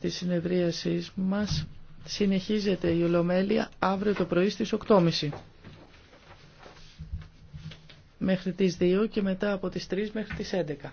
της συνεδρίασής μας συνεχίζεται η Ολομέλεια αύριο το πρωί στις 8.30 μέχρι τις 2 και μετά από τις 3 μέχρι τις 11.